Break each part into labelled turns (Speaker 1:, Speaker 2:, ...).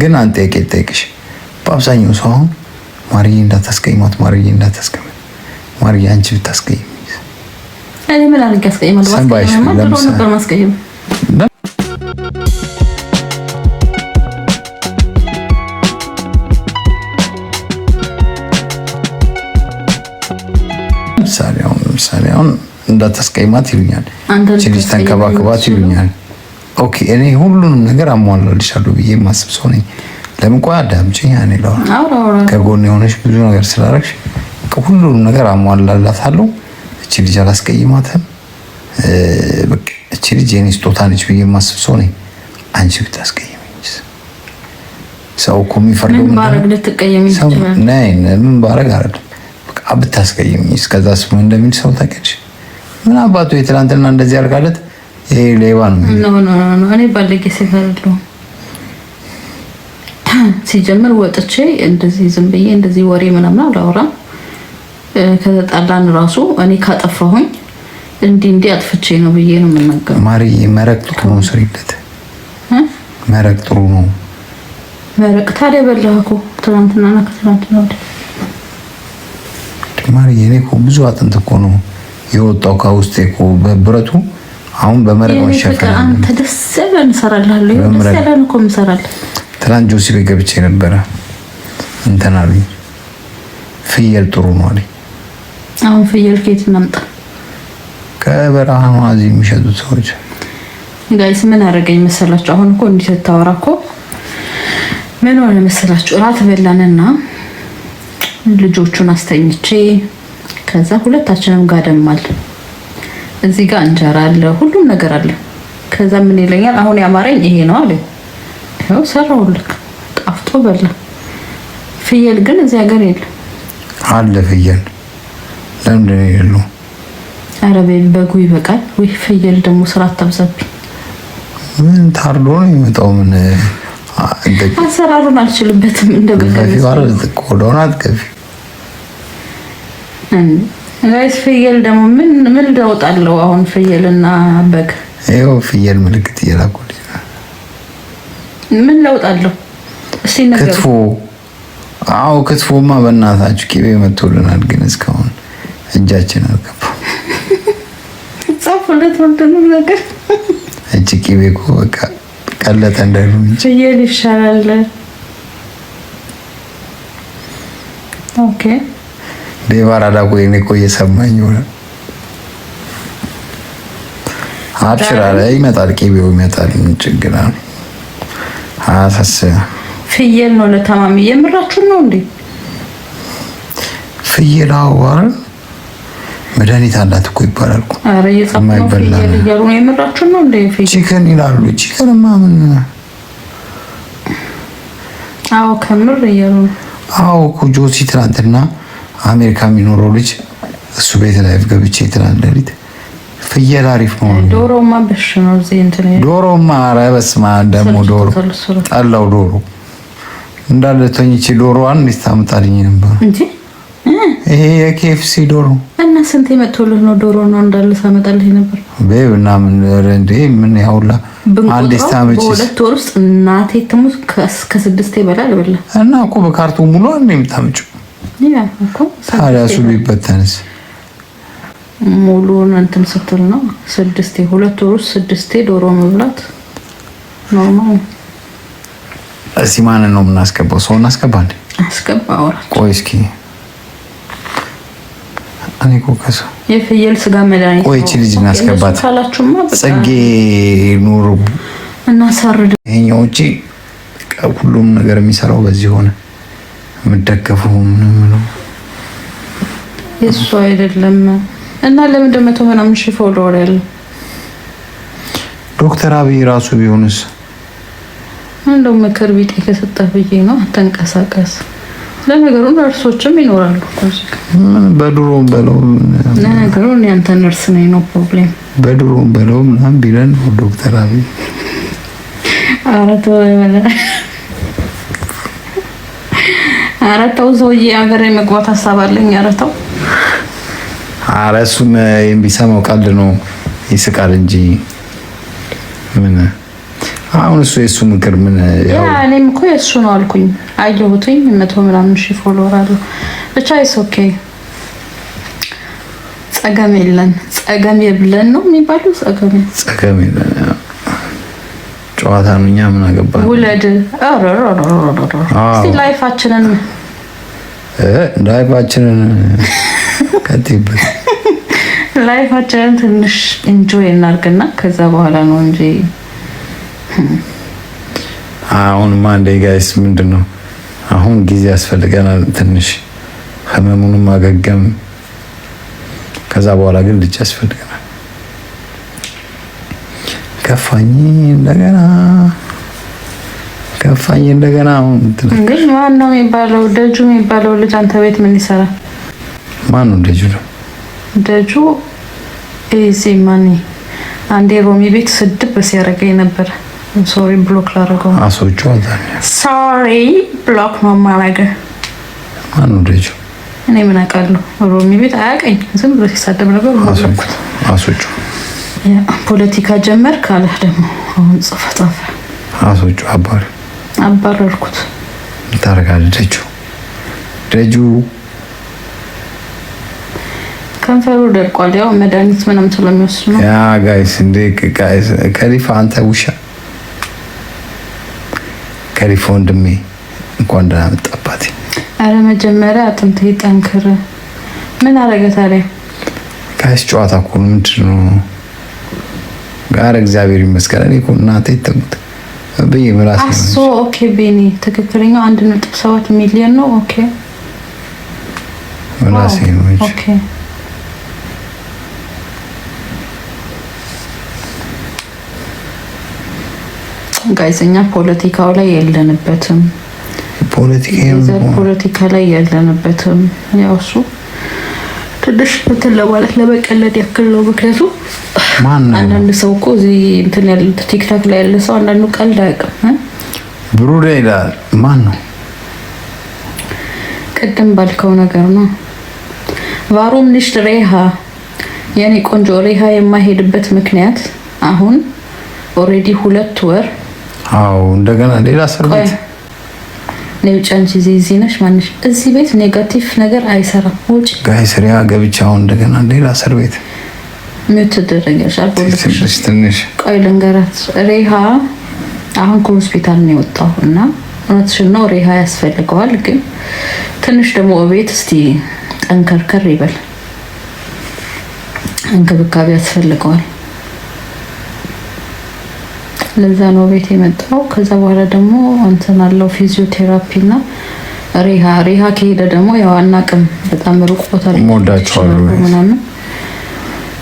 Speaker 1: ግን አንድ ጥያቄ ልጠይቅሽ። በአብዛኛው ሰው አሁን ማርዬ እንዳታስቀይማት፣ ማርዬ እንዳታስቀይማት፣ ማርዬ አንቺ ብታስቀይም እኔ አሁን እንዳታስቀይማት ይሉኛል፣ አንቺ ተንከባክባት ይሉኛል ኦኬ እኔ ሁሉንም ነገር አሟላልሻለሁ ብዬ የማስብ ሰው ነኝ። ለምን ቆይ አዳምጪኝ። ያኔ ከጎን የሆነሽ ብዙ ነገር ስላደረግሽ ሁሉንም ነገር አሟላላታለሁ። እቺ ልጅ አላስቀይማትም። በቃ እቺ ልጅ የኔ ስጦታ ነች ብዬ የማስብ ሰው ነኝ። አንቺ ብታስቀይም ሰው እኮ የሚፈርደው ምን ባረግ አይደለም፣ በቃ ብታስቀይም እስከዛ ስሙ እንደሚል ሰው ታውቂያለሽ። ምን አባቱ የትናንትና እንደዚህ ያርጋለት ይሄ ሌባ ነው።
Speaker 2: እኔ ባለጌ ሴት ሲጀምር ወጥቼ እንደዚህ ዝም ብዬ እንደዚህ ወሬ ምናምን አላወራም። ከተጣላን ራሱ እኔ ካጠፋሁኝ እንዲህ እንዲህ አጥፍቼ ነው ብዬ ነው የምናገር።
Speaker 1: ማሪ መረቅ ጥሩ ነው፣ ስሪለት መረቅ ጥሩ ነው።
Speaker 2: መረቅ ታዲያ በላህ እኮ ትናንትና እና ከትናንትና ወዲህ
Speaker 1: ማሪ፣ እኔ እኮ ብዙ አጥንት እኮ ነው የወጣው ከውስጤ እኮ በብረቱ አሁን በመረቅ
Speaker 2: መሸፈን አንተ ደስ ብለን እንሰራልሃለሁ። ደስ ብለን እኮ እንሰራለን።
Speaker 1: ትናንት ጆሲ ቤት ገብቼ ነበረ እንትን አሉኝ። ፍየል ጥሩ ነው አለኝ።
Speaker 2: አሁን ፍየል ከየት እናምጣ?
Speaker 1: ከበረሃ ነው እዚህ የሚሸጡት ሰዎች።
Speaker 2: ጋይስ ምን አደረገኝ መሰላችሁ? አሁን እኮ እንዲህ ስታወራ እኮ ምን ሆነ መሰላችሁ? እራት በላንና ልጆቹን አስተኝቼ ከዛ ሁለታችንም ጋደማል እዚህ ጋር እንጀራ አለ፣ ሁሉም ነገር አለ። ከዛ ምን ይለኛል አሁን ያማረኝ ይሄ ነው አለ። ይኸው ሰራሁልክ፣ ጣፍጦ በላ። ፍየል ግን እዚህ ሀገር የለም።
Speaker 1: አለ ፍየል። ለምንድን ነው የሌለው?
Speaker 2: ኧረ በጉ ይበቃል። ወይ ፍየል ደግሞ ስራ አታብዛብኝ።
Speaker 1: ምን ታርዶ ነው የሚመጣው? ምን
Speaker 2: አሰራሩን አልችልበትም። እንደ
Speaker 1: በቃ ቆዳውን አትገፊ
Speaker 2: ጋይስ ፍየል ደግሞ ምን ምን ዳውጣለው? አሁን ፍየልና በግ
Speaker 1: ይኸው ፍየል ምልክት እየላኩልኝ
Speaker 2: ምን ላውጣለሁ? እስቲ
Speaker 1: ነገር ክትፎ። አዎ ክትፎማ በእናታችሁ ቂቤ መቶልናል፣ ግን እስካሁን እጃችን አልገባ።
Speaker 2: ጻፉለት ወንድኑ ነገር
Speaker 1: እጅ ቂቤ እኮ በቃ ቀለጠ እንዳሉ
Speaker 2: ፍየል ይሻላል። ኦኬ
Speaker 1: በማራዳ ቆይ እኔ እኮ እየሰማኝ ሆነ። አብሽራ ይመጣል፣ ቂቤው ይመጣል። ምን ችግር አለ? አያሳስብም።
Speaker 2: ፍየል ነው ለታማሚ። የምራችሁን ነው እንዴ?
Speaker 1: ፍየል አዋር መድኃኒት አላት እኮ ይባላል እኮ።
Speaker 2: ኧረ ፍየል እያሉ ነው። የምራችሁን ነው እንዴ?
Speaker 1: ፍየል ቺከን ይላሉ። ቺከንማ ምን?
Speaker 2: አዎ ከምር እያሉ
Speaker 1: አዎ እኮ ትናንትና አሜሪካ የሚኖረው ልጅ እሱ ቤት ላይ ገብቼ ትላል ሌሊት ፍየል አሪፍ ነው።
Speaker 2: ዶሮማ በሽ ነው እዚህ እንትን
Speaker 1: ዶሮማ ኧረ በስመ አብ ደግሞ ዶሮ ጠላው ዶሮ እንዳለ ተኝቼ ዶሮ አንድ ታምጣልኝ ነበር እንጂ ይሄ የኬኤፍሲ ዶሮ
Speaker 2: እና ስንት የመጥቶልህ ነው? ዶሮ ነው እንዳለ ሳመጣልህ ነበር
Speaker 1: ቤብ እና ምን እንደ ምን ያውላ አንድ ስታመጭ ሁለት
Speaker 2: ወር ውስጥ እናቴ ትሙት ከስድስቴ በላ ልበላ
Speaker 1: እና እኮ በካርቱ ሙሉ አንዴ የምታመጭው ታዲያ እሱ ቢበተንስ
Speaker 2: ሙሉን እንትን ስትል ነው። ስድስቴ ሁለት ወር ውስጥ ስድስቴ ዶሮ መብላት ኖርማል።
Speaker 1: እዚህ ማንን ነው የምናስገባው? ሰው እናስገባ እንዴ? አስገባ። ቆይ እስኪ እኔ እኮ ከሰው
Speaker 2: የፍየል ስጋ መድኃኒት።
Speaker 1: ቆይ ይህቺ ልጅ እናስገባት ጽጌ ኑሩ
Speaker 2: እናሳርድ።
Speaker 1: ይኸኛው ውጪ ሁሉም ነገር የሚሰራው በዚህ ሆነ። የምደገፈው ምን ነው
Speaker 2: የእሱ አይደለም። እና ለምን እንደመቶ ምናምን ሺህ ፎሎወር ያለ
Speaker 1: ዶክተር አብይ ራሱ ቢሆንስ?
Speaker 2: እንደው ምክር ቢጤ ከሰጠህ ብዬ ነው። አተንቀሳቀስ ለነገሩ ነርሶችም ይኖራሉ።
Speaker 1: ምን በድሮም በለው
Speaker 2: ለነገሩ ያንተ ነርስ ነኝ ነው ፕሮብሌም።
Speaker 1: በድሮም በለው ምናምን ቢለን ዶክተር አብይ
Speaker 2: አረቶ ኧረ ተው ሰውዬ፣ ሀገሬ መግባት ሀሳብ አለኝ። ኧረ ተው።
Speaker 1: ኧረ እሱን የሚሰማው ቀልድ ነው፣ ይስቃል እንጂ ምን አሁን እሱ የእሱ ምክር ምን
Speaker 2: ያው እኔም እኮ የእሱ ነው አልኩኝ። አየሁትኝ መቶ ምናምን ሺህ ፎሎወር አለ ብቻ ይስ ኦኬ። ጸገም የለን ጸገም የብለን ነው የሚባለው ጸገም
Speaker 1: ጸገም የለን ጨዋታ ነው። እኛ ምን አገባን?
Speaker 2: ውለድ ላይፋችንን ቀጥይበት። ላይፋችንን ትንሽ ኢንጆይ እናርግና ከዛ በኋላ ነው እንጂ
Speaker 1: አሁን ማንዴ ጋይስ ምንድን ነው አሁን ጊዜ ያስፈልገናል ትንሽ ህመሙንም ማገገም ከዛ በኋላ ግን ልጅ ያስፈልገናል። ከፋኝ እንደገና ከፋኝ እንደገና። አሁን
Speaker 2: ግን ማን ነው የሚባለው? ደጁ የሚባለው ልጅ አንተ ቤት ምን ይሰራል? ማን ነው ደጁ? ደጁ ኢዚ ማኒ አንዴ ሮሚ ቤት ስድብ ሲያደርገኝ ነበር። ሶሪ ብሎክ ላደረገው
Speaker 1: አሶቹ አዛኝ
Speaker 2: ሶሪ ብሎክ ነው ማረገ። ማን ነው ደጁ? እኔ ምን አውቃለሁ? ሮሚ ቤት አያውቀኝ ዝም ብሎ ሲሳደብ ነበር አሶቹ ፖለቲካ ጀመር ካለ ደግሞ አሁን ጽፈ ጻፈ
Speaker 1: አሶጩ አባር
Speaker 2: አባረርኩት።
Speaker 1: ታረጋል ደጁ ደጁ
Speaker 2: ከንፈሩ ደርቋል። ያው መድኃኒት ምንም ስለሚወስድ
Speaker 1: ነው። ያ ጋይስ እንዴ ከሊፋ አንተ ውሻ ከሊፋ ወንድሜ እንኳን ደህና መጣባት።
Speaker 2: አረ መጀመሪያ አጥንት ይጠንክር። ምን አረገ ታዲያ?
Speaker 1: ጋይስ ጨዋታ እኮ ምንድን ነው ኧረ እግዚአብሔር ይመስገን። እኔ እኮ እናቴ ተሙት በይ ምራስ
Speaker 2: አሶ ኦኬ። ቤኒ ትክክለኛው አንድ ነጥብ ሰባት ሚሊዮን ነው። ኦኬ ምራስ ነው። ኦኬ ጋዜጠኛ ፖለቲካው ላይ የለንበትም። ፖለቲካ ላይ የለንበትም። ያው እሱ ትንሽ እንትን ለማለት ለመቀለድ ያክል ነው። ምክንያቱ አንዳንድ ሰው እኮ እዚህ እንትን ያለ ቲክታክ ላይ ያለ ሰው አንዳንዱ ቀልድ አያውቅም።
Speaker 1: ብሩ ይላል። ማን ነው?
Speaker 2: ቅድም ባልከው ነገር ነው። ቫሩም ንሽት ሬሃ የኔ ቆንጆ ሬሃ የማይሄድበት ምክንያት አሁን ኦሬዲ ሁለት ወር
Speaker 1: አዎ እንደገና ሌላ ሰርቤት
Speaker 2: ለውጭ አንቺ እዚህ ነሽ ማንሽ እዚህ ቤት ኔጋቲቭ ነገር አይሰራም።
Speaker 1: ውጭ ጋይስሪያ ገብቻ አሁን እንደገና ሌላ እስር ቤት
Speaker 2: ምትደረገሽ
Speaker 1: አልቦልሽ ትንሽ
Speaker 2: ቆይ ልንገራት። ሬሃ አሁን ከሆስፒታል ነው የወጣው እና እውነትሽን ነው ሬሃ ያስፈልገዋል። ግን ትንሽ ደግሞ እቤት እስቲ ጠንከርከር ይበል፣ እንክብካቤ ያስፈልገዋል። ለዛ ነው ቤት የመጣው። ከዛ በኋላ ደግሞ እንትን አለው ፊዚዮቴራፒ እና ሪሃ ሪሃ ከሄደ ደግሞ ያው አናቅም፣ በጣም ሩቅ
Speaker 1: ቦታ ምናምን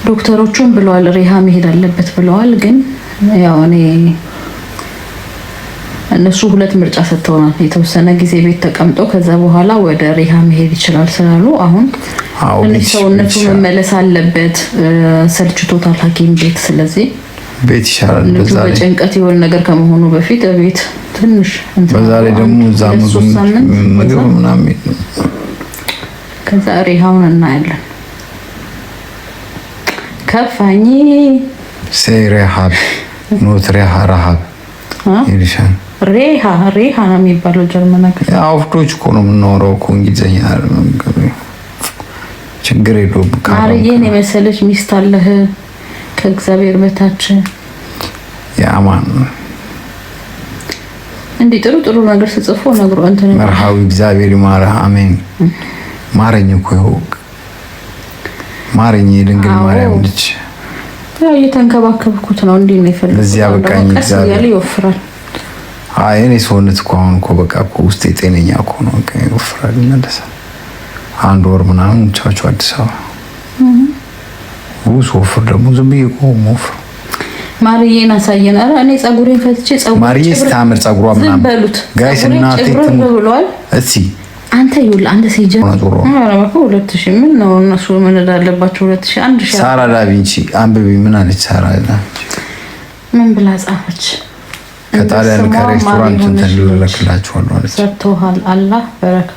Speaker 2: ዶክተሮቹም ብለዋል ሪሃ መሄድ አለበት ብለዋል። ግን ያው እኔ እነሱ ሁለት ምርጫ ሰጥተውናል። የተወሰነ ጊዜ ቤት ተቀምጦ ከዛ በኋላ ወደ ሪሃ መሄድ ይችላል ስላሉ አሁን ሰውነቱ መመለስ አለበት። ሰልችቶታል ሐኪም ቤት ስለዚህ ቤት ይሻላል። በዛ ላይ ጭንቀት የሆነ ነገር ከመሆኑ በፊት ቤት ትንሽ
Speaker 1: በዛ ላይ ደግሞ እዛ ምግብ ምናምን
Speaker 2: ከዛ ሪሃውን እናያለን። ከፋኝ
Speaker 1: ሴይ ሪሃብ ኖት ሪሃ ረሃብ ይልሻል።
Speaker 2: ሬሃ ሬሃ ነው የሚባለው ጀርመን አገር።
Speaker 1: አውፍዶች እኮ ነው የምናወራው እኮ እንግሊዝኛ ችግር የለውም።
Speaker 2: ማርዬን የመሰለች ሚስት አለህ ከእግዚአብሔር በታች የአማን እንዲህ ጥሩ ጥሩ ነገር ተጽፎ ነግሮ እንትን
Speaker 1: መርሃዊ እግዚአብሔር ይማረህ። አሜን። ማረኝ እኮ ይኸው ማረኝ፣ የድንግል ማርያም ልጅ
Speaker 2: ያው እየተንከባከብኩት ነው። እንዴ ነው
Speaker 1: ይፈልግ ለዚህ አበቃኝ።
Speaker 2: እግዚአብሔር ይወፍራል።
Speaker 1: አይ እኔ ሰውነት እኮ አሁን እኮ በቃ እኮ ውስጥ የጤነኛ እኮ ነው። ይወፍራል ይመለሳል። አንድ ወር ምናምን ቻቹ አዲስ አበባ ወፍር ደግሞ ዝም ብዬ ቆሞ ወፍር
Speaker 2: ማርዬን አሳየን። ኧረ እኔ ጸጉሬን ፈትቼ
Speaker 1: ጸጉሬን ማርዬ ስታምር ጸጉሯ ምናምን በሉት ጋይስ እና
Speaker 2: ብሏል። አንተ ይኸውልህ አንተ ሲጀምር ኧረ እባክህ ሁለት ሺህ ምን ነው እነሱ ምን እንዳለባቸው ሁለት ሺህ አንድ ሺህ
Speaker 1: ሳራ ዳቪንቺ አንብቢ ምን አለች? ሳራ ዳቪንቺ
Speaker 2: ምን ብላ ጻፈች?
Speaker 1: ከጣሊያን ከሬስቶራንት እንትን
Speaker 2: ልልክላችኋለሁ አለች። ሰጥቶሃል አላህ በረካ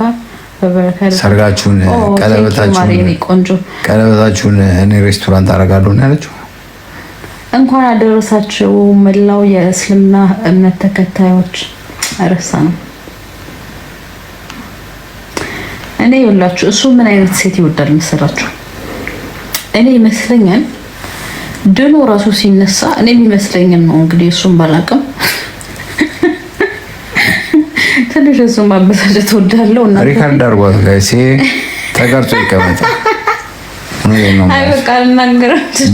Speaker 2: ሰርጋችሁን ቀለበታችሁን
Speaker 1: እኔ ሬስቶራንት አደርጋለሁ ነው ያለችው።
Speaker 2: እንኳን አደረሳችሁ መላው የእስልምና እምነት ተከታዮች። ረሳ ነው እኔ እሱ ምን አይነት ሴት ይወዳል መሰላችሁ? እኔ ይመስለኛል ራሱ ሲነሳ እኔ ይመስለኛል ነው እንግዲህ እሱም ባላቅም ትንሽ እሱን ማበሳጨት እወዳለሁ። እና
Speaker 1: ሪካርድ አድርጓት ጋይስ፣ ተቀርጾ ይቀመጣል። አይ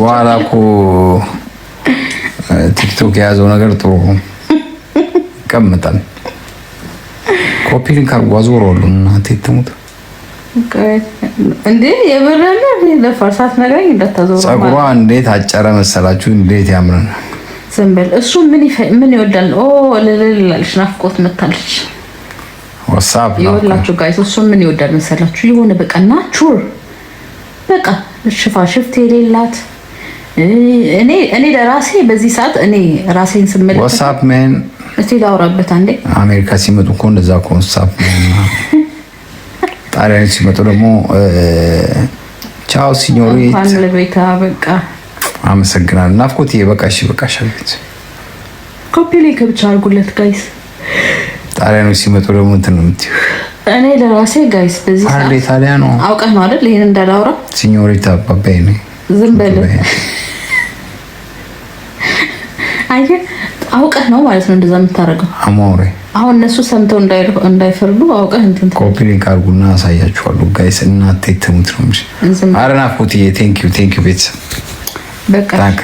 Speaker 1: በኋላ እኮ ቲክቶክ የያዘው ነገር ጥሩ ይቀመጣል። ኮፒ ሊንክ አድርጎ አዞረዋል። እናቴ ትሙት
Speaker 2: እንዴ! የበረለ ለፈርሳት ነገር
Speaker 1: ጸጉሯ እንዴት አጨረ መሰላችሁ? እንዴት ያምራል!
Speaker 2: ዝም በል እሱ ምን ይወዳል? ኦ ልልልላለች። ናፍቆት መታለች። ይኸውላችሁ ጋይስ እሱን ምን ይወዳል መሰላችሁ? የሆነ በቃ ናቹር በቃ ሽፋሽፍት የሌላት እኔ እኔ ለራሴ በዚህ ሰዓት እኔ ራሴን ስመለከት
Speaker 1: ዋትስአፕ ሜን
Speaker 2: እስቲ ላውራበት አንዴ።
Speaker 1: አሜሪካ ሲመጡ እኮ እንደዛ እኮ ዋትስአፕ ሜን፣ ጣሊያን ሲመጡ ደግሞ ቻው ሲኞሪት
Speaker 2: ለቤታ በቃ
Speaker 1: አመሰግናለሁ ናፍቆት። ይሄ በቃሽ በቃሽ አልኩት።
Speaker 2: ኮፒ ሊንክ ብቻ አድርጉለት ጋይስ
Speaker 1: ጣሊያኖች ሲመጡ ደግሞ እንትን ነው የምትይው።
Speaker 2: እኔ ለራሴ ጋይስ በዚህ
Speaker 1: ሰዓት ጣሊያኑ
Speaker 2: አውቀህ ነው አይደል? ይሄን እንዳላውራ
Speaker 1: ሲኞሪታ አባባይ ነው።
Speaker 2: ዝም በል አየህ፣ አውቀህ ነው ማለት ነው እንደዛ የምታደርገው። አማውሬ አሁን እነሱ ሰምተው እንዳይፈርዱ አውቀህ እንትን
Speaker 1: ኮፒ ሊንክ አድርጉና አሳያችኋለሁ ጋይስ። እናቴ ትሙት ነው እንጂ ኧረ ናፍቆትዬ፣ ቴንክ ዩ ቴንክ ዩ ቤተሰብ
Speaker 2: በቃ ታንክ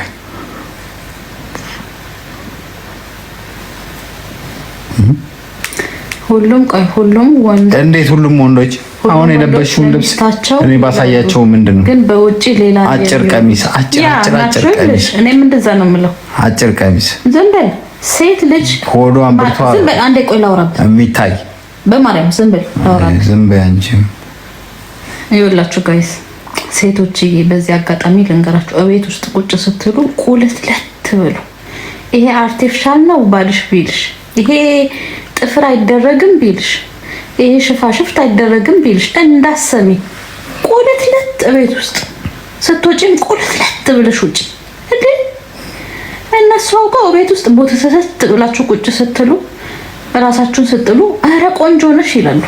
Speaker 2: ሁሉም ቆይ ሁሉም ወንድ
Speaker 1: እንዴት ሁሉም ወንዶች አሁን የለበሽውን ልብስ እኔ ባሳያቸው ምንድን ነው
Speaker 2: ግን በውጪ ሌላ
Speaker 1: አጭር ቀሚስ አጭር አጭር አጭር ቀሚስ
Speaker 2: እኔም እንደዛ ነው የምለው
Speaker 1: አጭር ቀሚስ
Speaker 2: ዝም በል ሴት ልጅ
Speaker 1: ሆዶ አንብርቷ
Speaker 2: ዝም በል አንዴ ቆይ ላውራብ የሚታይ በማርያም ዝም በል
Speaker 1: ላውራበት ዝም በይ አንቺ
Speaker 2: ይኸውላችሁ ጋይስ ሴቶችዬ በዚህ አጋጣሚ ልንገራችሁ እቤት ውስጥ ቁጭ ስትሉ ቁልት ለት ብሉ ይሄ አርቲፊሻል ነው ባልሽ ቢልሽ ይሄ ጥፍር አይደረግም ቢልሽ፣ ይሄ ሽፋሽፍት አይደረግም ቢልሽ እንዳሰሚ ቁልት ለጥ ቤት ውስጥ ስትወጪም ቁልት ለጥ ብለሽ ውጭ እንዴ። እነሱ አውቀው ቤት ውስጥ ቦታ ሰሰት ብላችሁ ቁጭ ስትሉ እራሳችሁን ስትሉ አረ ቆንጆ ነሽ ይላሉ።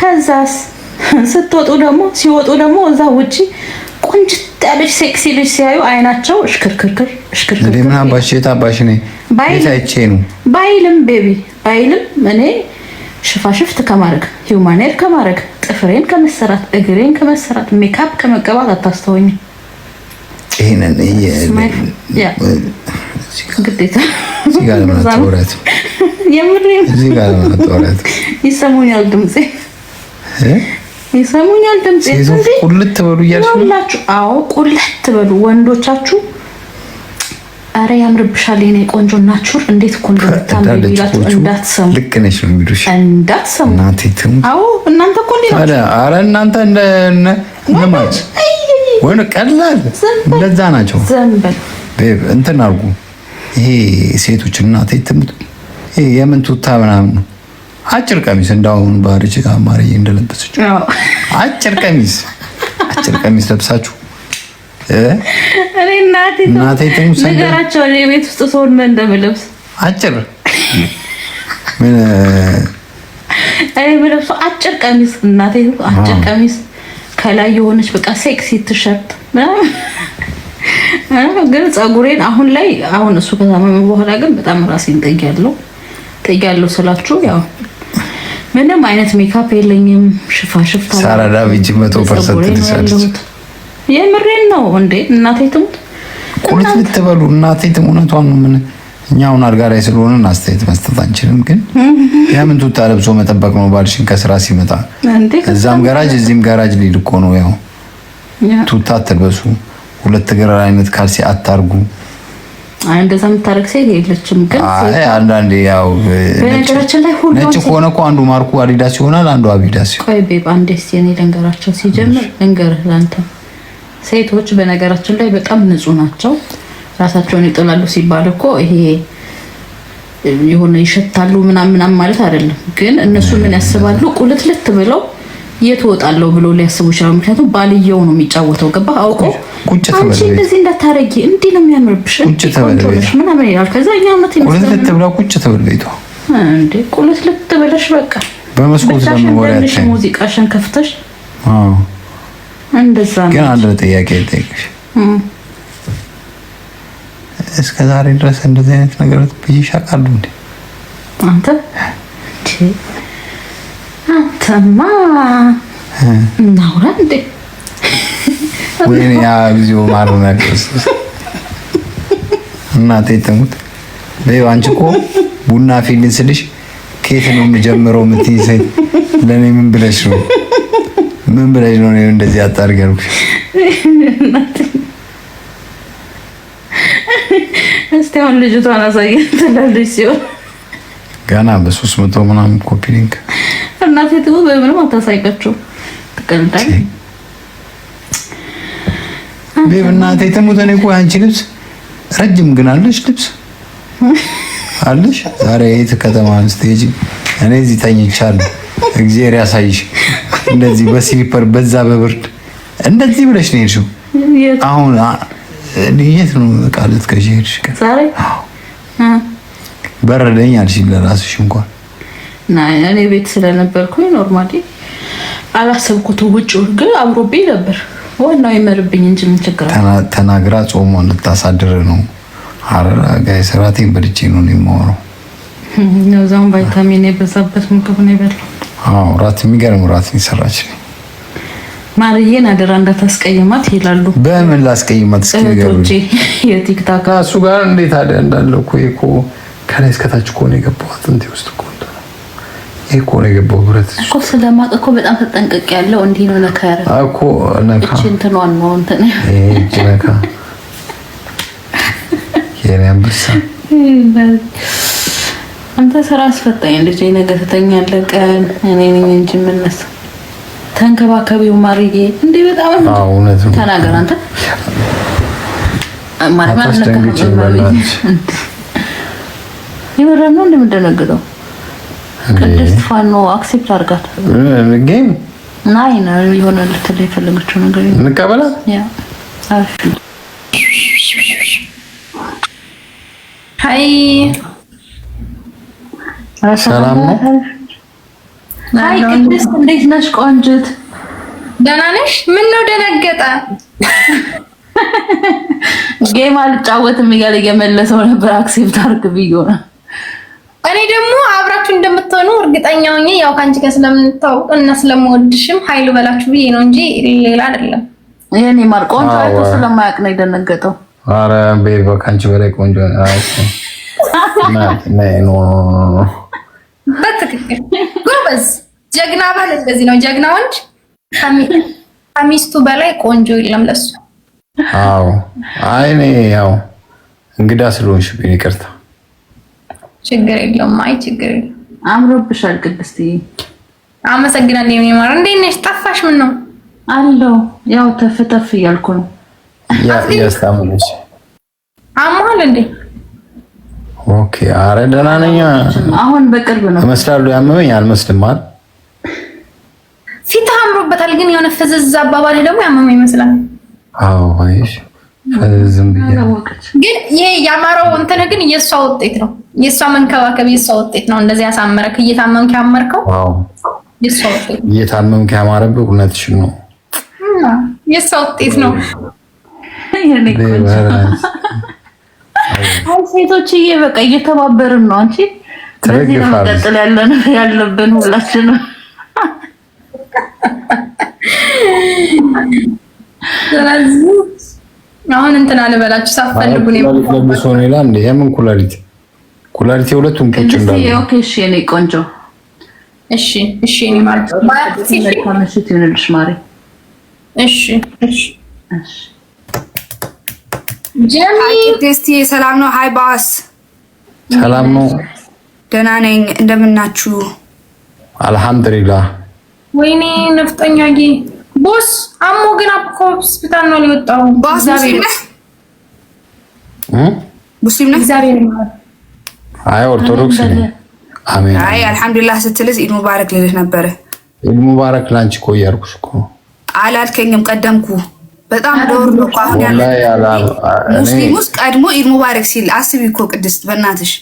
Speaker 2: ከዛስ ስትወጡ ደግሞ ሲወጡ ደግሞ እዛ ውጪ ቆንጅት ያለች ሴክሲ ልጅ ሲያዩ አይናቸው እሽክርክርክር
Speaker 1: እሽክርክር። ምን አባሽ የት አባሽ ነኝ
Speaker 2: ባይልም ቤቢ አይልም። እኔ ሽፋሽፍት ከማድረግ ሂውማኔር ከማድረግ ጥፍሬን ከመሰራት እግሬን ከመሰራት ሜካፕ ከመቀባት አታስተወኝም። ይህንን ግዴታ ይሰሙኛል ድምፄ ይሰሙኛል ድምፄ
Speaker 1: ሁለት በሉ እያልሽ
Speaker 2: ሁላችሁ። አዎ ቁለት በሉ ወንዶቻችሁ አረ ያምርብሻል የኔ ቆንጆ ናቹር እንዴት እኮ
Speaker 1: እንደምታምር እንዳትሰሙ።
Speaker 2: እንዳትሰሙ። አዎ እናንተ እኮ
Speaker 1: አረ እናንተ እንደ ነማች ወይ ቀላል እንደዛ ናቸው። ዘንበል እንትን ይሄ ሴቶች እናቴ ትምት ይሄ የምን ቱታ ምናምን ነው። አጭር ቀሚስ እንዳሁን ባህሪች አማሪ እንደለበሰች አጭር ቀሚስ አጭር ቀሚስ ለብሳችሁ
Speaker 2: የቤት ውስጥ ሰውን ምን እንደምለብስ
Speaker 1: አጭር ምን
Speaker 2: እኔ የምለብሰው አጭር ቀሚስ እናቴ አጭር ቀሚስ ከላይ የሆነች በቃ ሴክሲ ትሸርት ግን ፀጉሬን አሁን ላይ አሁን እሱ ከታመመ በኋላ ግን በጣም ራሴን ጠያለው ጠያለው ስላችሁ ያው ምንም አይነት ሜካፕ የለኝም ሽፋሽፍታ
Speaker 1: ሳራ ዳቪጅ መቶ ፐርሰንት
Speaker 2: የምሬን ነው እንዴ እናቴ ትሙት
Speaker 1: ቁርጥ ብትበሉ እናቴ ትም ነው። ምን እኛውን አልጋ ላይ ስለሆነ አስተያየት መስጠት አንችልም። ግን ያምን ቱታ ለብሶ መጠበቅ ነው ባልሽን ከስራ ሲመጣ። እዛም ጋራጅ እዚህም ጋራጅ ሊል እኮ ነው። ያው ቱታ አትልበሱ፣ ሁለት ገራ አይነት ካልሲ አታርጉ።
Speaker 2: እንደዛ የምታደርግ ሴት የለችም። ግን
Speaker 1: አንዳንዴ ያው ነጭ ከሆነ እኮ አንዱ ማርኩ አዲዳስ ይሆናል፣ አንዱ አቢዳስ።
Speaker 2: ቆይ ቤብ አንዴ እስኪ እኔ ልንገራቸው ሲጀምር ልንገርህ ለአንተ ሴቶች በነገራችን ላይ በጣም ንጹህ ናቸው። ራሳቸውን ይጥላሉ ሲባል እኮ ይሄ የሆነ ይሸታሉ ምናምን ምናምን ማለት አይደለም። ግን እነሱ ምን ያስባሉ? ቁልትልት ብለው የት እወጣለሁ ብሎ ሊያስቡ ይችላሉ። ምክንያቱም ባልየው ነው የሚጫወተው። ገባ አውቆ አንቺ እንደዚህ እንዳታረጊ እንዲህ ነው የሚያምርብሽ ምናምን ይላል። ከዛ እኛ መት
Speaker 1: ቁልትልት ብለው ቁጭ ትብል ቤቷ
Speaker 2: እንዴ ቁልትልት ብለሽ በቃ በመስኮት ሙዚቃሽን ከፍተሽ ግን
Speaker 1: አንድ ጥያቄ ልጠይቅሽ። እስከ ዛሬ ድረስ እንደዚህ አይነት ነገሮች ብዬሽ አውቃሉ እንዴ?
Speaker 2: አንተ አንተማ እናውራ እንዴ?
Speaker 1: ወይኔ ያ ጊዜው ማርና እናቴ ትሙት። አንቺ እኮ ቡና ፊልም ስልሽ ከየት ነው የምጀምረው የምትይኝ ሴት ለእኔ ምን ብለሽ ነው ምን ብለሽ ነው እንደዚህ አጣር ገርኩሽ?
Speaker 2: እስቲ አሁን ልጅቷን አሳየን ትላለች ሲሆን
Speaker 1: ገና በሶስት መቶ ምናምን ኮፒ ሊንክ
Speaker 2: እናቴ ትቡ በምንም አታሳይቃቸው ትቀልዳለች።
Speaker 1: ቤብ እናቴ ትሙት። እኔ እኮ አንቺ ልብስ ረጅም ግን አለሽ፣ ልብስ አለሽ። ዛሬ የት ከተማ ስትሄጂ? እኔ እዚህ ተኝቻለሁ። እግዚአብሔር ያሳይሽ። እንደዚህ በስሊፐር በዛ በብርድ እንደዚህ ብለሽ ነው የሄድሽው። አሁን የት ነው ዕቃ ልትገዢ ሄድሽ? በረደኝ አልሽኝ ለራስሽ እንኳን
Speaker 2: እኔ ቤት ስለነበርኩኝ ኖርማሊ አላሰብኩትም። ውጭውን ግን አምሮብኝ ነበር። ዋናው ይመርብኝ እንጂ ምን ችግር
Speaker 1: አለ? ተናግራ ጾሞ ልታሳድር ነው። ጋይ ሰራቴን በልቼ ነው የማወራው።
Speaker 2: እዛውን ቫይታሚን የበዛበት ምግብ ነው የበላው
Speaker 1: አዎ ራት የሚገርም ራት የሰራች
Speaker 2: ማርዬን አደራ እንዳታስቀይማት ይላሉ።
Speaker 1: በምን ላስቀይማት? እስኪ
Speaker 2: ንገሩኝ። የቲክታክ
Speaker 1: እሱ ጋር እንዴት አለ እንዳለ እኮ እኮ ከላይ እስከታች እኮ ነው የገባሁት። እንትን ውስጥ እኮ እኮ ነው የገባሁት። ብረት
Speaker 2: እኮ ስለማቅ እኮ በጣም ተጠንቀቅ ያለው እንዲህ ነው። ነካ ያረ
Speaker 1: እኮ ነካ እቺ
Speaker 2: እንትኗን ነው እንትን
Speaker 1: እቺ ነካ የኔ አንበሳ
Speaker 2: አንተ ስራ አስፈታኝ። ልጅ ነገ ትተኛለህ ቀን እኔ ነኝ እንጂ የምነሳ ተንከባከቢው ማርዬ። እንዴ በጣም ተናገር አንተ ማለት ማለት የምረን ነው እንደምደነግጠው ቅድስት ፋኖ አክሴፕት አድርጋት ጌም ናይ ነው የሆነ ልትል የፈለገችው
Speaker 1: ነገር እንቀበላት
Speaker 2: ያ አይ ሰላም ነው። አይ ቅድስት እንዴት ነሽ? ቆንጆት ደህና ነሽ? ምን ነው ደነገጠ? ጌም አልጫወትም እያለ የመለሰው ነበር። አክሴፕት አድርግ ብዬሽ ነው። እኔ ደግሞ አብራችሁ እንደምትሆኑ እርግጠኛ ሆኜ ያው ከአንቺ ጋር ስለምንታወቅ እና ስለምወድሽም ኃይሉ በላችሁ ብዬ ነው እንጂ ሌላ አይደለም። ይሄኔ ማር ቆንጆ አይቶ ስለማያውቅ ነው የደነገጠው።
Speaker 1: አረ ቤቢ ከአንቺ በላይ ቆንጆ ነው።
Speaker 2: ጎበዝ ጀግና ባል እንደዚህ ነው። ጀግና ወንድ ከሚስቱ በላይ ቆንጆ የለም ለሱ።
Speaker 1: አዎ አይ ያው እንግዳ ስለሆንሽብኝ ይቅርታ።
Speaker 2: ችግር የለውም። አይ ችግር የለም። አምሮብሻል ቅድስትዬ። አመሰግናለሁ። የሚማር እንዴት ነሽ? ጠፋሽ? ምን ነው አለው። ያው ተፍ ተፍ እያልኩ ነው።
Speaker 1: ያ ያስታምነሽ እንዴ ኦኬ። አረ ደህና ነኝ።
Speaker 2: አሁን በቅርብ
Speaker 1: ነው እመስላለሁ። ያመመኝ አልመስልም አይደል?
Speaker 2: ፊትህ አምሮበታል፣ ግን የሆነ ፈዘዝ አባባል ደግሞ ያመመኝ ይመስላል።
Speaker 1: አዎ አይሽ ፈዘዝም ብያለሁ።
Speaker 2: ግን ይሄ ያማረው እንትን ግን የእሷ ውጤት ነው። የእሷ መንከባከብ የእሷ ውጤት ነው። እንደዚህ ያሳመረክ እየታመምክ ያመርከው የእሷ ውጤት
Speaker 1: እየታመምክ ያማረብህ እውነትሽን ነው።
Speaker 2: የእሷ ውጤት ነው። ሴቶችዬ በቃ እየተባበርን ነው። አንቺ
Speaker 1: በዚህ ነው መቀጠል
Speaker 2: ያለብን ሁላችንም። ስለዚህ አሁን እንትን አልበላችሁ
Speaker 1: ሳፈልጉ ነው። የምን ኩላሊት ኩላሊት የሁለቱም ቁጭ እንዳለ።
Speaker 2: ኦኬ እሺ፣ የኔ ቆንጆ እሺ፣ እሺ፣ እኔ ማለት ነው። መልካም ይሁንልሽ ማሪ። እሺ፣ እሺ፣ እሺ ሰላም ነው? ሀይ ባስ ሰላም ነው? ደህና ነኝ። እንደምናችሁ?
Speaker 1: አልሐምዱሊላህ።
Speaker 2: ወይኔ ነፍጠኛ ቦስ አሞ ግን ሆስፒታል ነው ቦስ ሙስሊም ነህ?
Speaker 1: አይ ኦርቶዶክስ ነኝ።
Speaker 2: አሜን። አይ አልሐምዱሊላህ ስትልስ ኢድ ሙባረክ ልልህ ነበረ።
Speaker 1: ኢድ ሙባረክ ላንቺ እኮ እያልኩሽ እኮ
Speaker 2: አላልከኝም፣ ቀደምኩ በጣም ዶር ነው። አሁን ያለ ሙስሊም ቀድሞ ኢድ ሙባረክ ሲል አስቢ እኮ ቅድስት በእናትሽ